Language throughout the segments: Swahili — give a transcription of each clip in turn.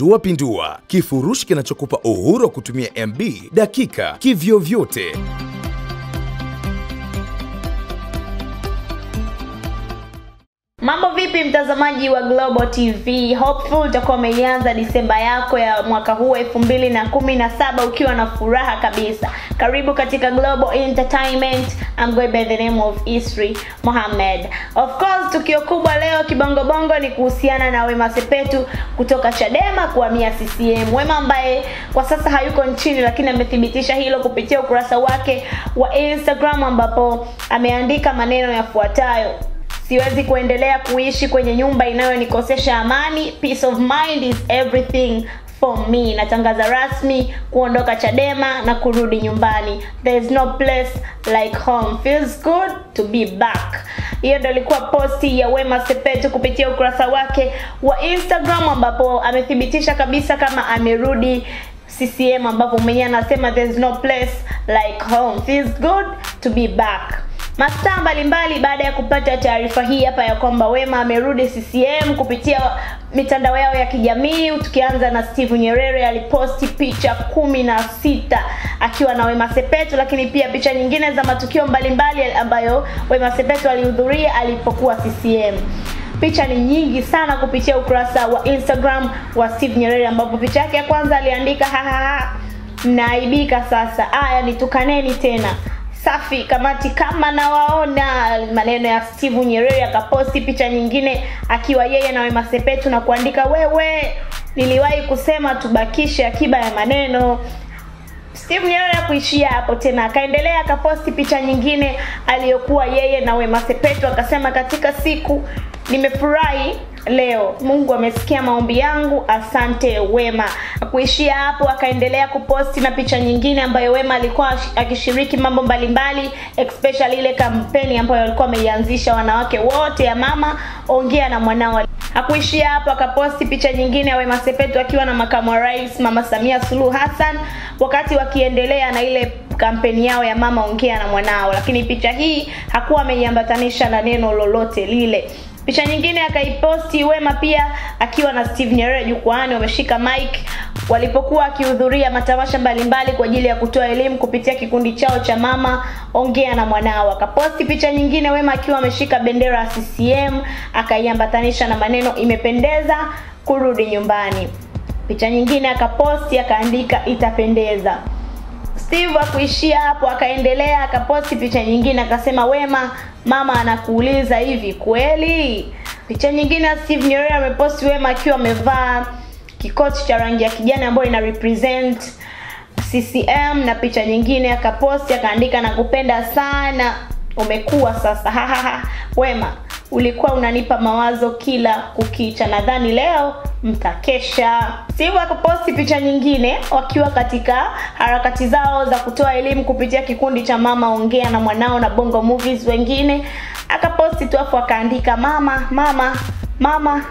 pindua pindua, kifurushi kinachokupa uhuru wa kutumia MB dakika kivyovyote. vipi mtazamaji wa Global TV? Hopeful utakuwa umeianza Disemba yako ya mwaka huu elfu mbili na kumi na saba ukiwa na furaha kabisa. Karibu katika Global Entertainment. I'm going by the name of Isri Mohamed. Of course, tukio kubwa leo kibongo bongo ni kuhusiana na Wema Sepetu kutoka Chadema kuhamia CCM. Wema ambaye kwa sasa hayuko nchini, lakini amethibitisha hilo kupitia ukurasa wake wa Instagram ambapo ameandika maneno yafuatayo: siwezi kuendelea kuishi kwenye nyumba inayonikosesha amani peace of mind is everything for me natangaza rasmi kuondoka chadema na kurudi nyumbani there is no place like home feels good to be back hiyo ndo ilikuwa posti ya wema sepetu kupitia ukurasa wake wa instagram ambapo amethibitisha kabisa kama amerudi ccm ambapo mwenyewe anasema there is no place like home feels good to be back Mastaa mbalimbali baada ya kupata taarifa hii hapa ya kwamba Wema amerudi CCM kupitia mitandao yao ya kijamii, tukianza na Steve Nyerere aliposti picha kumi na sita akiwa na Wema Sepetu, lakini pia picha nyingine za matukio mbalimbali mbali ambayo Wema Sepetu alihudhuria alipokuwa CCM. Picha ni nyingi sana kupitia ukurasa wa Instagram wa Steve Nyerere, ambapo picha yake ya kwanza aliandika hahaha, mnaaibika sasa, aya nitukaneni tena safi kamati kama nawaona maneno ya steve nyerere akaposti picha nyingine akiwa yeye na wema sepetu na kuandika wewe niliwahi kusema tubakishe akiba ya maneno steve nyerere akuishia hapo tena akaendelea akaposti picha nyingine aliyokuwa yeye na wema sepetu akasema katika siku nimefurahi leo mungu amesikia maombi yangu asante wema kuishia hapo akaendelea kuposti na picha nyingine ambayo wema alikuwa akishiriki mambo mbalimbali especially ile kampeni ambayo alikuwa ameianzisha wanawake wote ya mama ongea na mwanao hakuishia hapo akaposti picha nyingine ya wema sepetu akiwa na makamu wa rais mama samia suluhu hassan wakati wakiendelea na ile kampeni yao ya mama ongea na mwanao lakini picha hii hakuwa ameiambatanisha na neno lolote lile Picha nyingine akaiposti Wema pia akiwa na Steve Nyerere jukwaani wameshika mic walipokuwa akihudhuria matamasha mbalimbali kwa ajili ya kutoa elimu kupitia kikundi chao cha Mama Ongea na Mwanao. Akaposti picha nyingine Wema akiwa ameshika bendera ya CCM akaiambatanisha na maneno imependeza kurudi nyumbani. Picha nyingine akaposti akaandika itapendeza. Steve akuishia hapo, akaendelea akaposti picha nyingine, akasema Wema, mama anakuuliza hivi kweli? Picha nyingine ya Steve Nyerere ameposti Wema akiwa amevaa kikoti cha rangi ya kijani ambayo ina represent CCM, na picha nyingine akaposti akaandika nakupenda sana, umekuwa sasa Wema ulikuwa unanipa mawazo kila kukicha nadhani leo mtakesha sivu akaposti picha nyingine wakiwa katika harakati zao za kutoa elimu kupitia kikundi cha mama ongea na mwanao na bongo movies wengine akaposti tu afu akaandika mama mama mama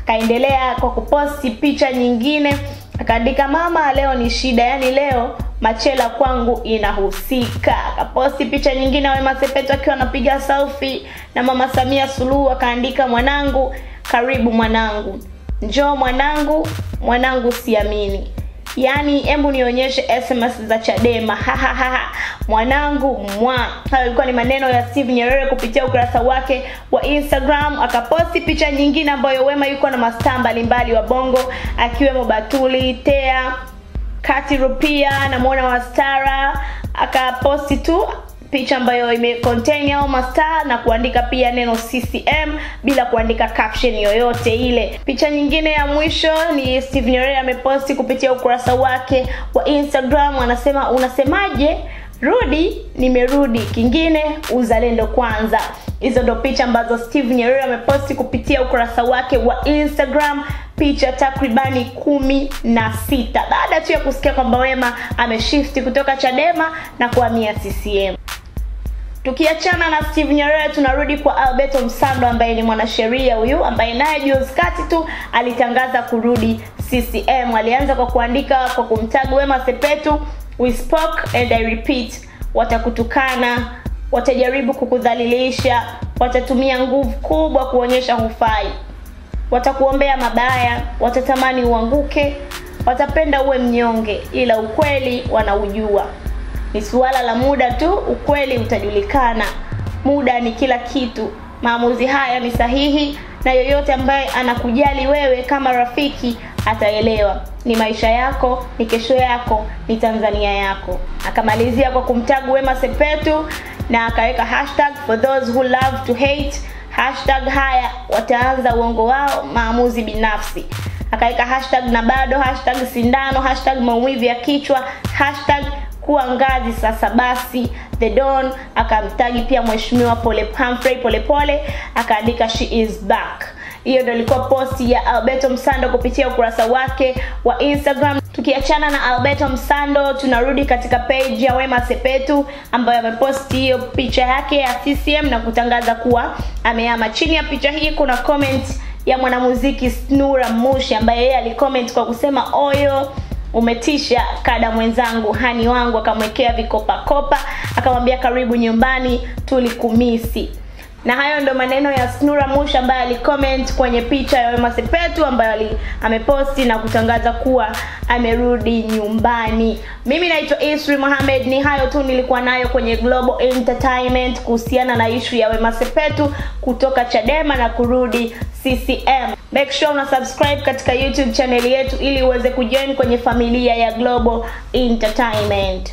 akaendelea kwa kuposti picha nyingine akaandika mama leo ni shida yani leo Machela kwangu inahusika. Akaposti picha nyingine Wema Sepetu akiwa anapiga selfi na Mama Samia Suluhu, akaandika mwanangu, karibu mwanangu, njoo mwanangu, mwanangu siamini. Yaani, hebu nionyeshe SMS za Chadema mwanangu mwa. Hayo ilikuwa ni maneno ya Steve Nyerere kupitia ukurasa wake wa Instagram. Akaposti picha nyingine ambayo Wema yuko na mastaa mbalimbali wa Bongo akiwemo Batuli Tea Katiro pia namwona Wastara akaposti tu picha ambayo ime contain au mastaa na kuandika pia neno CCM bila kuandika caption yoyote ile. Picha nyingine ya mwisho ni Steve Nyerere ameposti kupitia ukurasa wake wa Instagram, anasema unasemaje? Rudi, nimerudi. Kingine uzalendo kwanza. Hizo ndo picha ambazo Steve Nyerere ameposti kupitia ukurasa wake wa Instagram picha takribani kumi na sita baada tu ya kusikia kwamba Wema ameshifti kutoka Chadema na kuhamia CCM. Tukiachana na Steve Nyerere tunarudi kwa Alberto Msando ambaye ni mwanasheria huyu ambaye naye juzi kati tu alitangaza kurudi CCM. Alianza kwa kuandika kwa kumtagu Wema Sepetu, we spoke and I repeat, watakutukana, watajaribu kukudhalilisha, watatumia nguvu kubwa kuonyesha hufai watakuombea mabaya watatamani uanguke watapenda uwe mnyonge ila ukweli wanaujua ni suala la muda tu ukweli utajulikana muda ni kila kitu maamuzi haya ni sahihi na yoyote ambaye anakujali wewe kama rafiki ataelewa ni maisha yako ni kesho yako ni tanzania yako akamalizia kwa kumtagu wema sepetu na akaweka hashtag for those who love to hate hashtag haya wataanza uongo wao maamuzi binafsi akaweka hashtag na bado hashtag sindano hashtag maumivu ya kichwa hashtag kuwa ngazi sasa basi the don akamtagi pia mheshimiwa pole Humphrey polepole akaandika she is back hiyo ndo ilikuwa posti ya alberto msando kupitia ukurasa wake wa instagram tukiachana na alberto msando tunarudi katika page ya wema sepetu ambayo ameposti hiyo picha yake ya ccm na kutangaza kuwa amehama chini ya picha hii kuna comment ya mwanamuziki snura mushi ambaye yeye alicomment kwa kusema oyo umetisha kada mwenzangu hani wangu akamwekea vikopakopa akamwambia karibu nyumbani tulikumisi na hayo ndo maneno ya Snura Mush ambaye alicomment kwenye picha ya Wema Sepetu ambayo ameposti na kutangaza kuwa amerudi nyumbani. Mimi naitwa Isri Mohamed, ni hayo tu nilikuwa nayo kwenye Global Entertainment kuhusiana na ishu ya Wema Sepetu kutoka Chadema na kurudi CCM. Make sure una subscribe katika YouTube channel yetu ili uweze kujoin kwenye familia ya Global Entertainment.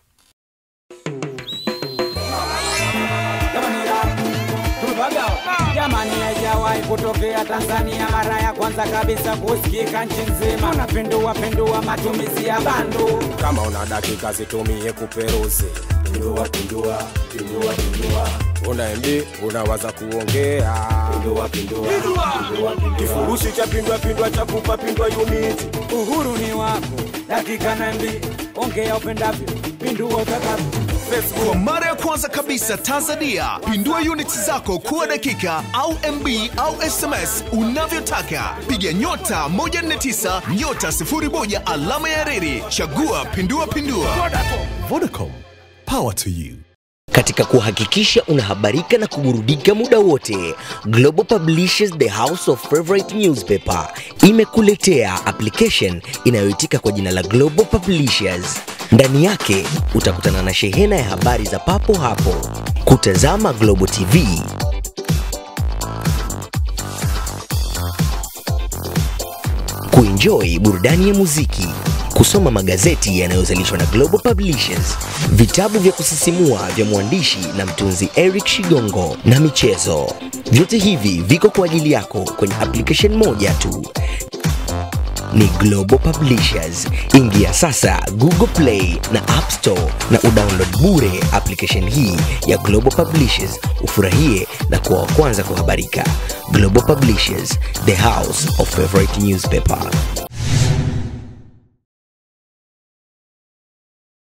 kutokea Tanzania mara ya kwanza kabisa kusikika nchi nzima. Unapindua pindua matumizi ya bandu. Kama una dakika zitumie kuperuzi, pindua una unawaza kuongea Kifurushi cha pindwa pindwa cha kupa pindwa unit. Uhuru ni wako, dakika na ongea upendavyo, pindua utakavyo. Facebook. Kwa mara ya kwanza kabisa Tanzania, pindua units zako kuwa dakika au MB au SMS unavyotaka. Piga nyota 149 nyota 01 alama ya reli, chagua pindua pindua. Vodacom, Vodacom. power to you katika kuhakikisha unahabarika na kuburudika muda wote, Global Publishers The House of Favorite Newspaper imekuletea application inayoitika kwa jina la Global Publishers. Ndani yake utakutana na shehena ya habari za papo hapo, kutazama Global TV, kuenjoy burudani ya muziki, kusoma magazeti yanayozalishwa na Global Publishers, vitabu vya kusisimua vya mwandishi na mtunzi Eric Shigongo na michezo. Vyote hivi viko kwa ajili yako kwenye application moja tu ni Global Publishers. Ingia sasa Google Play na App Store na udownload bure application hii ya Global Publishers, ufurahie na kuwa wa kwanza kuhabarika. Global Publishers, the house of favorite newspaper.